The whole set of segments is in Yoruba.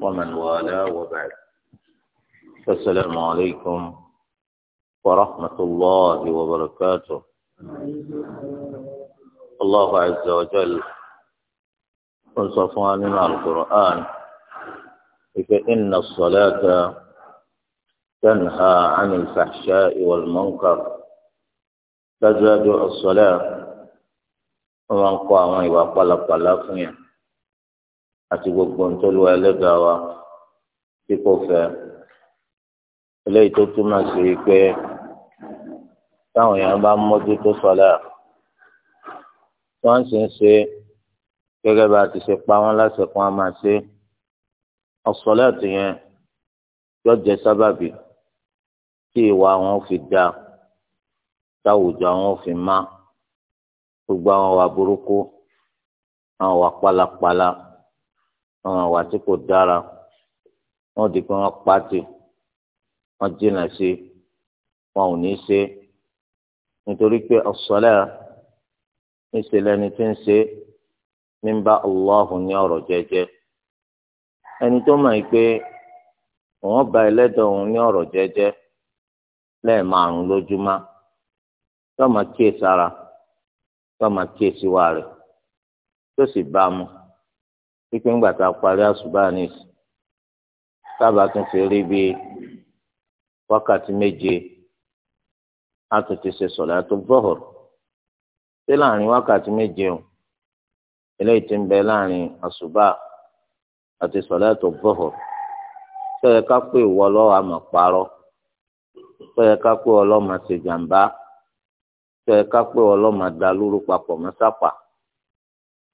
ومن والاه وبعد السلام عليكم ورحمة الله وبركاته الله عز وجل وصفنا من القرآن فإن الصلاة تنهى عن الفحشاء والمنكر تزاد الصلاة ومن قام وقلق قلق قلقني àti gbogbo ntọ́lu ẹlẹ́gàá wa tí kò fẹ́ eléyìí tó túmọ̀ sí pé táwọn èèyàn bá mójútó sọlá wọ́n sì ń ṣe gẹ́gẹ́ bá a ti ṣe pa wọ́n láṣẹ kó wọ́n máa ṣe ọ̀sọ̀lá ti yẹn yóò jẹ́ sábàbí tí ìwà wọn fi dá táwùjọ wọn fi má gbogbo àwọn wà burúkú àwọn wà pálapàla. Pala àwọn awa tí kò dára wọ́n di pé wọ́n pàtì wọ́n jìnnà sí wọn ò ní ṣe nítorí pé ọ̀sọ́lẹ̀ níṣẹ́ lẹni tí ń ṣe ní bá ní ọ̀rọ̀ jẹ́jẹ́ ẹni tó mọ̀ pé wọ́n bá ẹlẹ́dọ̀ ní ọ̀rọ̀ jẹ́jẹ́ lẹ́ẹ̀márùn lójúmọ́ tó máa kíyèsára tó máa kíyèsíwá rẹ̀ tó pípín gbà tá a parí àṣùbánis sábà tún ti rí bí wákàtí méje a tún ti ṣe sọ̀látù bọ́hùr ṣé láàrin wákàtí méje o eléyìí ti ń bẹ láàrin àṣùbà àti sọ̀látù bọ́hùr sọ̀yẹ ká pé ìwọ lọ́wọ́ àmọ̀ parọ́ sọ̀yẹ ká pé ọlọ́mọ ṣe jàǹbá ká pé dalúrú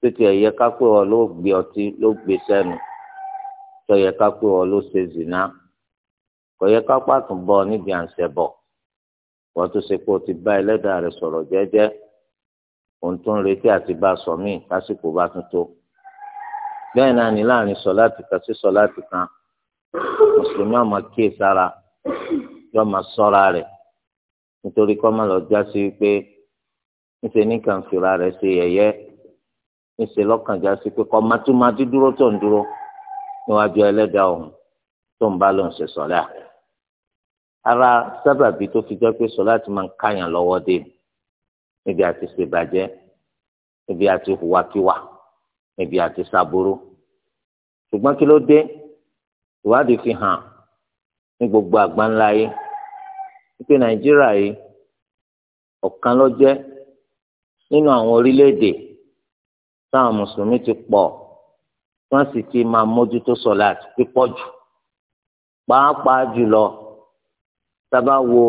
tètè ẹ̀yẹ kápẹ́ wọn ló gbé ọtí ló gbé sẹ́nu tẹ̀yẹ kápẹ́ wọn ló ṣe zìnà kọ̀yẹ kápá tún bọ̀ níbi à ń ṣẹbọ wọ́n tún ṣe pé o ti bá ẹlẹ́dàá rẹ sọ̀rọ̀ jẹ́jẹ́ òun tún ń retí àti bá a sọ míì lásìkò bá tún tó bẹ́ẹ̀ náà ni láàrin sọ̀láàtì kan sí sọ̀láàtì kan mùsùlùmí ọmọ kíyè sára yóò máa ṣọ́ra rẹ̀ nítorí kọ́ máa lọ já sí pé níṣẹ́ níṣẹ́ lọ́kànjá sí pé kọ́ mátúmátú dúró tó ń dúró níwájú ẹlẹ́dàá ọ̀hún tó ń bá lòun ṣe sọ̀lá. ara sábàbí tó fi jẹ́ pé sọ̀lá ti máa ń káyàn lọ́wọ́ dé níbi àti ṣèbàjẹ́ níbi àti hùwàkiwà níbi àti ṣàbúrú. ṣùgbọ́n kí ló dé ìwádìí fi hàn ní gbogbo àgbáńlá yìí wípé nàìjíríà yìí ọ̀kan ló jẹ́ nínú àwọn orílẹ̀-èdè táwọn mùsùlùmí ti pọ̀ wọ́n sì ti máa mójútó sọ̀láàtì pípọ̀ jù pàápàá jùlọ sábà wo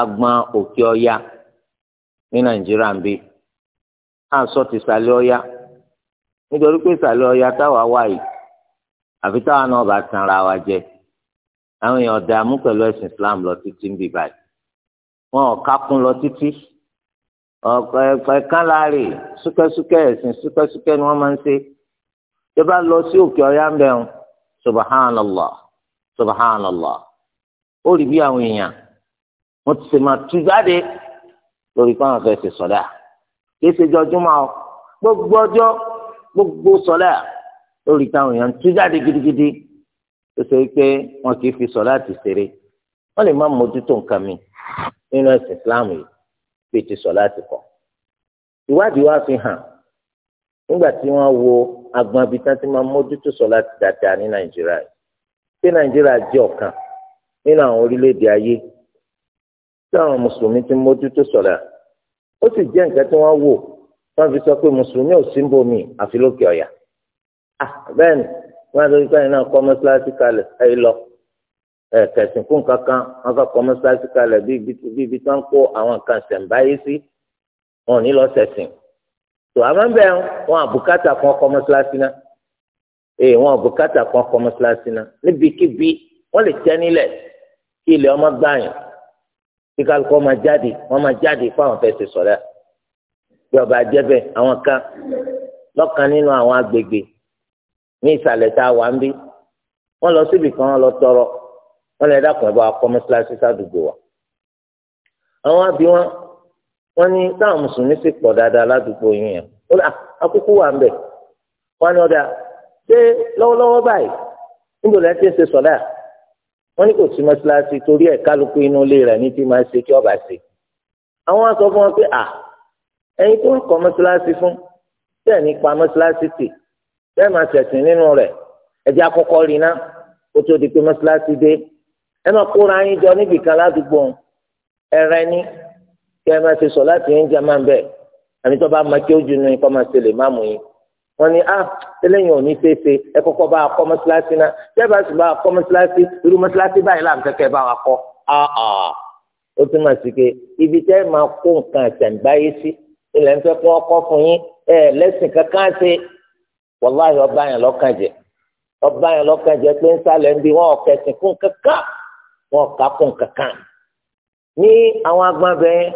agbọn òkè ọya ní nàìjíríà ń bí a sọ ti sàlẹ̀ ọya nítorí pé sàlẹ̀ ọya táwa wà yìí àfi táwa náà bá tanra wa jẹ àwọn èèyàn dààmú pẹ̀lú ẹ̀sìn islam lọ títí ń bì báyìí wọn ò kákún lọ títí ọ̀pọ̀ ẹ̀kọ́ ẹ̀ka láàrè súkẹ́súkẹ́ ẹ̀sìn súkẹ́súkẹ́ ni wọ́n máa ń ṣe tó bá lọ sí òkè ọ̀yá ń bẹ̀rù subhanallah subhanallah ó rí bí àwọn èèyàn wọ́n ti ṣe máa tú jáde lórí pé àwọn fẹ́ẹ́ ṣe sọ̀dá kì í ṣe jọjúmọ́ ọ gbogbo ọjọ́ gbogbo sọ̀dá lórí táwọn èèyàn tú jáde gidigidi tó ṣe pé wọn kì í fi sọ̀dá ti ṣeré wọ́n lè má mójútó nǹkan mi nínú ẹ̀sìn Islam yìí pé ti sọ láti kọ ìwádìí wa fi hàn nígbà tí wọ́n wo agbọn abitán tí máa mójútó sọ láti dáadáa ní nàìjíríà ṣé nàìjíríà jẹ́ ọ̀kan nínú àwọn orílẹ̀-èdè ayé tí àwọn mùsùlùmí ti mójútó sọlá ó sì jẹ́ nǹkan tí wọ́n wò wọ́n fi sọ pé mùsùlùmí ò sí bomi àfi lókè ọ̀yà ah, bẹ́ẹ̀ ni wọ́n á lórí náà kọ́ mọ́sálásí kalẹ̀ ẹ lọ ẹ̀kẹ̀sìn fún kankan wọn kọ́ kọ́ mọ́sáàsì kalẹ̀ bí ibi tí wọ́n kó àwọn kan ṣẹ̀ǹbáyé sí wọn ò ní lọ sẹ̀sìn tó àmọ́ bẹ́ẹ̀ wọn àbùkátà kan kọ́ mọ́sáàsì náà èè wọn àbùkátà kan kọ́ mọ́sáàsì náà níbikíbi wọ́n lè tẹ́ nílẹ̀ kí ilẹ̀ ọmọ gbààyàn kí kálukọ́ máa jáde wọ́n máa jáde fáwọn fẹ́ ṣe sọ̀rọ̀ bí ọba jẹ́bẹ̀ àwọn kan lọ́kàn nínú àwọn agbègbè ní ìsàlẹ̀ tá a wà ń bí wọ́n lọ síbì kan lọ tọrọ wọn lè dàpọ̀ bá kọ́ mọ́ṣáláṣí sádùúgbò wa. àwọn àbí wọn wọn ní táwọn mùsùlùmí sì pọ̀ dáadáa ládùúgbò yín yẹn ó là àkókò wà ń bẹ̀ wọn ni ọ̀dà ṣé lọ́wọ́lọ́wọ́ báyìí níbo lẹ́ ti ń ṣe sọ̀lá wọn ní kò sí mọ́ṣáláṣí torí ẹ̀ kálukú inú ilé rẹ̀ ní ti máa ṣe kí ọba ṣe àwọn sọ fún wọn pé à ẹ̀yin tó ń kọ́ mọ́ṣáláṣí fún bẹ́ẹ̀ ní pa mọ́ṣáláṣí tì bẹ́ẹ̀ máa ṣẹ̀sìn nínú rẹ̀ ẹ̀jẹ̀ àkọ́kọ́ rí ó tó di pé mọ́ṣáláṣí dé ẹ máa kóra yín jọ níbì kan ládùúgbò ẹrẹ ní kí ẹ máa ṣe sọ láti yín jẹ máa ń bẹ àmì tó bá máa kí ó ju ní kọ́ máa ṣe lè má mú yín wọn ni ah eléyìí ò ní ṣeéṣe ẹ kọ́kọ́ bá a kọ́ mọ́ṣáláṣí náà tí ẹ bá sì bá a kọ́ mọ́ṣáláṣí irú mọ́ṣáláṣí báyìí láàmú kẹ́kẹ́ bá wa kọ́ ah ó tún máa sì ké ibi tẹ́ ẹ máa kó nǹkan àtẹ̀ǹgbáyé sí ilẹ̀ ń fẹ́ kó ọkọ́ fún yín ẹ lẹ́sìn kankan ṣe wàláhì ọba yẹn lọ́kàn ọba yẹn lọ́kàn pé ń sálẹ̀ ń bi wọn ọ̀kẹ́sìn fún kankan wọn kà kún kankan ní àwọn agbọn bẹ́ẹ̀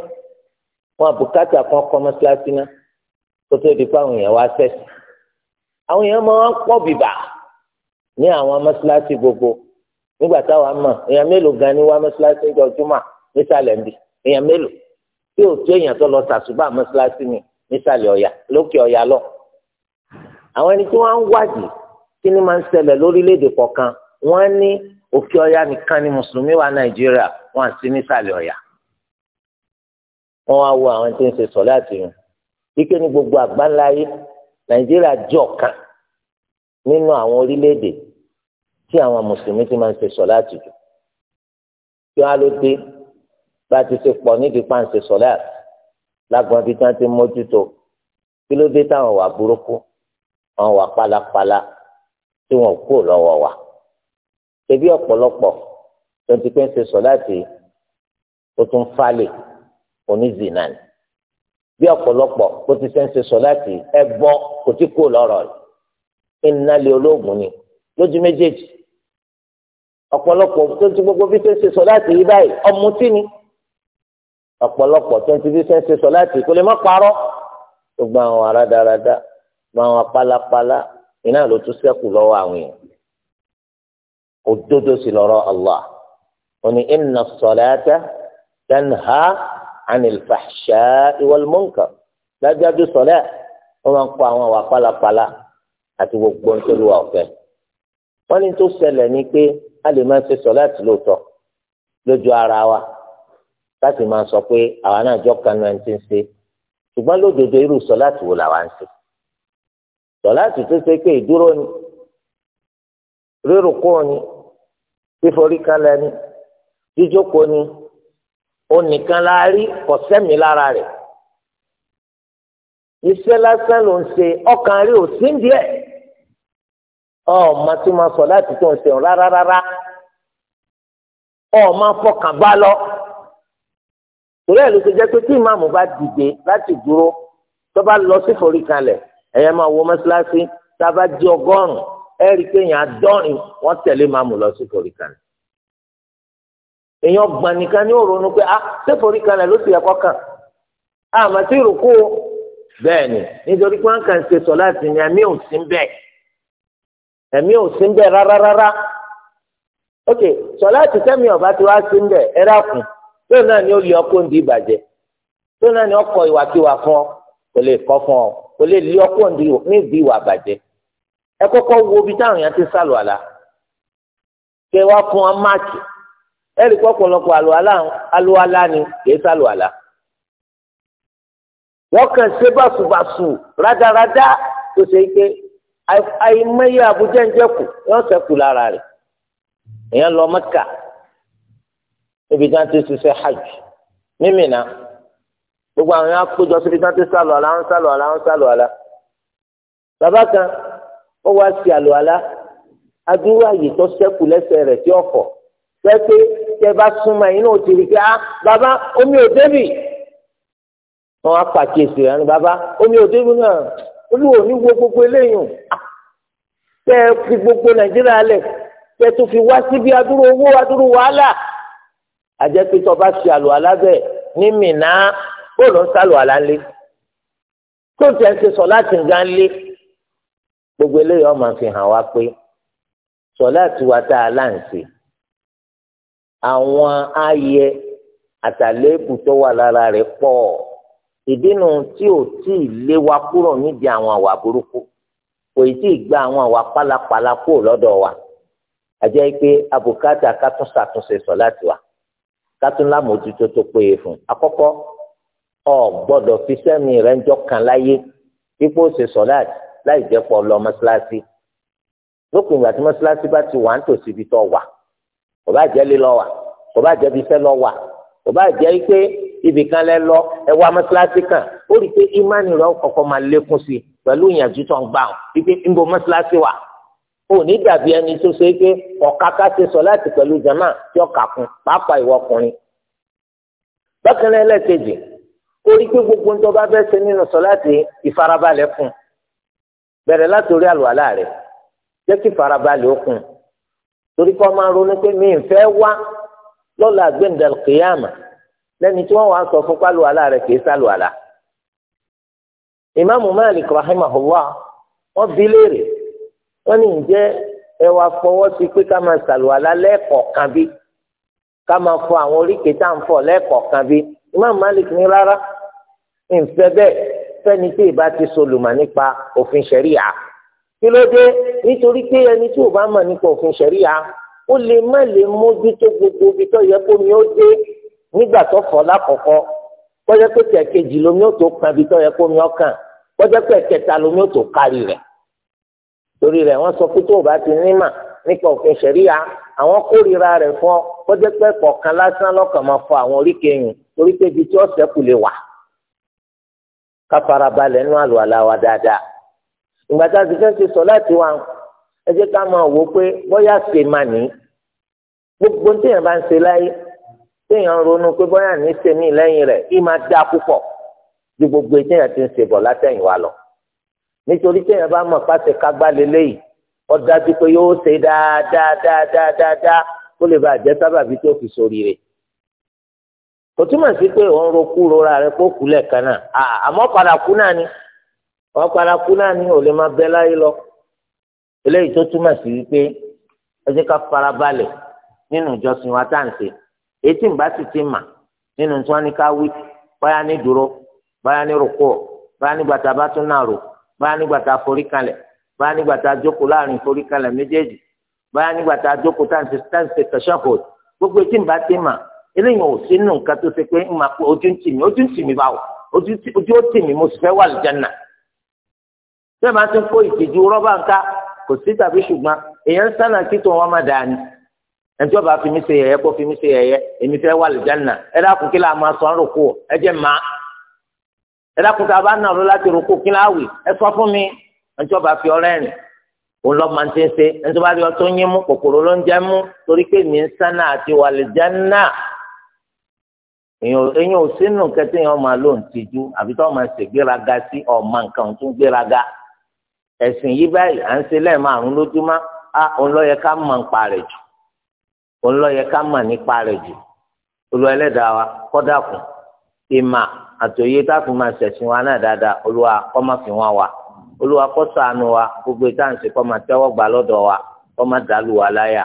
wọn bùkátà kan kọ́ mọ́sálásí náà kó tó di pé àwọn èèyàn wá sẹ́sì àwọn èèyàn máa ń pọ̀ bìbà ní àwọn mọ́sálásí gbogbo nígbà táwọn mọ̀ èèyàn mélòó gan ni wá mọ́sálásí ń jọ júmọ̀ nísàlẹ̀ ń bì èèyàn mélòó tí ò tó èèyàn tó lọ sàṣùbà mọ́sálásí mi nísàlẹ̀ ọ̀yà lókè ọ̀yà lọ. àwọn ẹni tí wọ́n ń wádìí kí ni máa ń ṣẹlẹ̀ lórílẹ̀‐èdè kọ̀ọ̀kan ní òkè ọya nìkan ni mùsùlùmí wà nàìjíríà wọn àti nísàlẹ̀ ọya wọn wá wo àwọn tí ń ṣe sọ láti rìn ike ní gbogbo àgbáńláyé nàìjíríà jẹ́ ọ̀kan nínú àwọn orílẹ̀-èdè tí àwọn mùsùlùmí ti máa ń ṣe sọ láti jù kí wọn á ló dé bá a ti ṣe pọ̀ nídìí pàǹṣẹ sọ láti lágbọn bí wọn ti mójútó kí ló dé táwọn wà burúkú àwọn wà pálapàla tí wọn kú lọ́wọ́ wa. Buroko, ṣebí ọ̀pọ̀lọpọ̀ tó ti pẹ́ ń ṣe sọ̀láàtì tó tún falẹ̀ onízìnnà ni bí ọ̀pọ̀lọpọ̀ tó ti fẹ́ ń ṣe sọ̀láàtì ẹbọ kò tí kò lọ́rọ̀ rẹ̀ iná olóògùn ni lójú méjèèjì ọ̀pọ̀lọpọ̀ tó ti gbogbo bí fẹ́ ń ṣe sọ̀láàtì yìí báyìí ọ̀mùtí ni ọ̀pọ̀lọpọ̀ tó ti fi fẹ́ ń ṣe sọ̀láàtì kò lè má parọ́ gbogbo àwọn aradarada gbogbo àwọn pálapàla iná ló tún ṣẹ́kù lọ́wọ́ àwọn èèyàn òdodo sì lọ́rọ̀ allah òní inna salata tanha anil fahsha'i wal munkar dájúdájú sọlẹ wọn máa ń kọ àwọn àwà pálapàla àti gbogbo nítorí wa ọ̀fẹ́ wọn ní tó ṣẹlẹ̀ ni pé a lè máa ṣe sọlẹ àti lójú ara wa láti máa sọ pé àwa náà jọ kanu ẹni ń ṣe ṣùgbọ́n lódodo irú sọlá ti wò ṣe sọlá tó ṣe pé ìdúró ni rírùkú ni fíforí kalẹ̀ ni jíjókòó ni onìkan la rí kọ̀sẹ́mi lára rẹ̀ iṣẹ́ lásán ló ń ṣe ọkàn rí ò sí díẹ̀ ọmọ tí máa sọ láti tó ń ṣe rárá rárá ọmọ fọkàn bá lọ torí ẹ̀ ló ti jẹ́ pé tí ìmáàmù bá dìde láti dúró tó bá lọ sí forí kalẹ̀ ẹ̀yẹ́ máa wọ mọ́ṣáláṣí tá a bá di ọgọ́rùn-ún. erik kéèyàn àdọ́rin wọ́n tẹ̀lé máa mú lọ sí forí kalẹ̀. èèyàn gbanikan ní òrònú pé a ah, ṣé forí kalẹ̀ ló ti ẹ̀kọ́ kàn á mà sí ìrùkú o bẹ́ẹ̀ ni nítorí pé wọ́n kàn ṣe sọ láti ní ẹ̀mí ò sí bẹ́ẹ̀ ẹ̀mí ò sí bẹ́ẹ̀ rárá ok sọ láti sẹ́mi ọ̀bá tí wàá sí bẹ́ẹ̀ ẹ dákun tóun náà ni ó lé ọkọ ndí ìbàjẹ́ tóun náà ni ọkọ̀ ìwàkiwà fún ọ kò lè kọ́ fún ọ kò lè lé ọkọ ndí ìwà bàjẹ́ ẹ kọ́kọ́ wo ibi táwọn yẹn ti sálù àlá kẹ wá fún wọn máàkì ẹ rí pọ̀pọ̀lọpọ̀ àlùwàlá ni kì í sálù àlá wọ́n kàn ṣe báṣubàṣu rádaràdá tó ṣe pé àìmọye àbújá ń jẹ́kù yọ́n ṣẹ́kù lára rẹ̀ èèyàn lọ Mẹ́kà níbi tí wọ́n ti ṣiṣẹ́ hajj mímìnà gbogbo àwọn yẹn á péjọ síbi tí wọ́n ti sálù àlá ń sálù àlá ń sálù àlá bàbá kan ó wá sí àlùwàlá adúrú àyè tó ṣẹ́kù lẹ́sẹ̀ rẹ̀ tí ọ̀fọ̀ pẹ́pẹ́ tẹ́ bá súnmọ́ ẹ̀yin náà ti rí pé ah bàbá omi ò débì wọn á pàkíyèsí rẹ̀ ní bàbá omi ò débì náà olúwo ní wo gbogbo eléyìí tẹ́ ẹ fi gbogbo nàìjíríà lẹ̀ tẹ́ tó fi wá síbi adúrú owó adúrú wàhálà àjẹpẹ́tọ́ bá ṣe àlùwàlá bẹ́ẹ̀ ní mìíràn bóòlù ń sálùwàlá ńlẹ̀ tó tẹ̀ ń ṣe sọ láti ń gan lé gbogbo eléyìí ọmọ fi hàn wá pé sọláàtì wa tá a láǹṣe àwọn ààyè àtàlẹ́bù tó wà lára rẹ̀ pọ̀ ìdínú tí ò tí ì lé wa kúrò nídìí àwọn àwà burúkú kò tí ì gba àwọn àwà pálapàla kúrò lọ́dọ̀ wa àjẹ́ pé abùkátà ká tún ṣàtúnṣe sọláàtì wa ká tún lámòjútó tó péye fún àkọ́kọ́ o gbọ́dọ̀ fi sẹ́mi rẹ̀ ń jọ́ kan láyé ipò ṣe sọláàtì láì jẹ́ pọ̀ lọ mọ́ṣáláṣí lópin ìgbà tí mọ́ṣáláṣí bá ti wà ń tòsí ibi tó wà kò bá jẹ́ lílọ wà kò bá jẹ́ ibi iṣẹ́ lọ wà kò bá jẹ́ pé ibì kan lẹ lọ ẹ wá mọ́ṣáláṣí kan ó rí i pé ìmánì rẹ kọ̀ọ̀kan máa lékún sí i pẹ̀lú ìyànjú tó ń gbà ọ́ wípé ń bo mọ́ṣáláṣí wà ó ní dàbí ẹni tó ṣe é pé ọ̀káká ṣe sọ láti pẹ̀lú jama tí ọ̀kà kún pàápàá ìwọ ọkùnrin bákan náà ẹlẹ́ẹ̀kejì ó rí i pé gbogbo ń tọ́ bá fẹ́ ṣe nínú sọ láti ìfarabalẹ̀ fún un bẹ̀rẹ̀ látòrí àlùwàlá rẹ̀ jẹ́ kí farabalẹ̀ ó kún torí kọ́ máa ronú pé mi ń fẹ́ wá lọ́la gbẹ̀ndẹ̀l kìyàmà lẹ́ni tí wọ́n wá sọ fún pálùwàlá rẹ̀ kì í sálùwàlá. ìmáàmù Malik rahimahullah wọ́n bi léèrè wọ́n ní ǹjẹ́ ẹ fọwọ́ sí pé ká máa sàlùwàlá lẹ́ẹ̀kọ̀ọ̀kan bí ká máa fọ àwọn oríkèé ń fọ lẹ́ẹ̀kọ̀ọ̀kan bí ìmáàmù Malik ní rárá ń fẹ́ni tí ìbá ti solùmọ̀ nípa òfin ṣẹ̀ríà kí ló dé nítorí pé ẹni tí ò bá mọ̀ nípa òfin ṣẹ̀ríà ó lè má lè mójútó gbogbo ibi tó yẹ kó mi ó dé nígbà tó fọ́ lákọ̀ọ́kọ́ kọjá pé kẹ̀kejì lomi ó tó kan ibi tó yẹ kó mi ó kàn kọjá pé kẹta lomi ó tó kárí rẹ̀ torí rẹ̀ wọ́n sọ pé tó o bá ti ní nípa òfin ṣẹ̀ríà àwọn kórìíra rẹ̀ fún ọ kọjá pé kọ̀ọ̀kan lásán lọ́kàn máa fọ àwọn oríkèéyìn torí pé ibi tí ọ̀sẹ̀ kù lè wà ká fara balẹ̀ nínú àlùwàlá wa dáadáa ìgbà tá a ti fẹ́ ṣe sọ láti wá ẹ jẹ́ ká máa wò ó pé bóyá ṣe máa ní gbogbo téèyàn bá ń ṣe láyé téèyàn ń ronú pé bóyá ní ṣe mí lẹ́yìn rẹ̀ kí máa dá púpọ̀ ju gbogbo téèyàn ti ń ṣe bọ̀ látẹ̀yìnwá lọ nítorí téèyàn bá mọ̀ pàṣẹ kágbá lélẹ́yìí ó dájú pé yóò ṣe dáadáa dáadáa dáadáa kó lè bàa jẹ́ tó fi sóríire. kò túmọ̀ sí pé òun roku rora rẹ kó kú lẹ́ẹ̀kan náà àmọ́ padà kú náà ni padà kú náà ni ò lè máa bẹ láyé lọ eléyìí tó túmọ̀ sí wípé ẹ jẹ́ ká farabalẹ̀ nínú ìjọsìn wa táǹsì etí ń bá sì ti mà nínú tí wọ́n ní ká wí báyà ní dúró báyà ní rúkọ báyà bá tún náà rò báyà forí kalẹ̀ báyà eléyìí ò sí nù nǹkan tó ṣe pé ń máa pé ojú ń tì mí ojú ń tì mí báwò ojú ó tì mí mo sì fẹ́ wà lìjánà bẹ́ẹ̀ máa ti ń kó ìtìjú rọ́bà ńká kò sí tàbí ṣùgbọ́n èèyàn sánà kí tó wọn má dáa ni ẹnití ọba fi mí ṣe yẹ̀yẹ́ kó fi mí ṣe yẹ̀yẹ́ èmi fẹ́ wà lìjánà ẹ dákun kí la máa sọ ń roko ẹ jẹ́ máa ẹ dákun tá a bá nàró láti roko kí la wì ẹ sọ fún mi ẹnití ọba fi ọrẹ rìn òun lọ máa ti ṣe ẹnití ọba rí ọtún yín mú kòkòrò ló ń jẹ mú torí pé mi ń sánà àti wà lìjánà èyàn ò sínú kẹtẹ ọmọ máa ló àbí tó máa ṣègbéraga sí ọmọ nǹkan tó ń gbéraga ẹ̀sìn yìí báyìí à ń ṣe lójúmọ́ a òun ká mọ̀ nípa rẹ̀ jù òun ká mọ̀ nípa rẹ̀ jù olú ẹlẹ́dàá wa kọ́dà kùn ìmà àtòyé táàfin máa ṣẹ̀sìn wa náà dáadáa kọ́ máa fi wọn kọ́ wa gbogbo ìtànṣe kọ́ máa tẹ́wọ́ gbà lọ́dọ̀ wa kọ́ máa wa láyà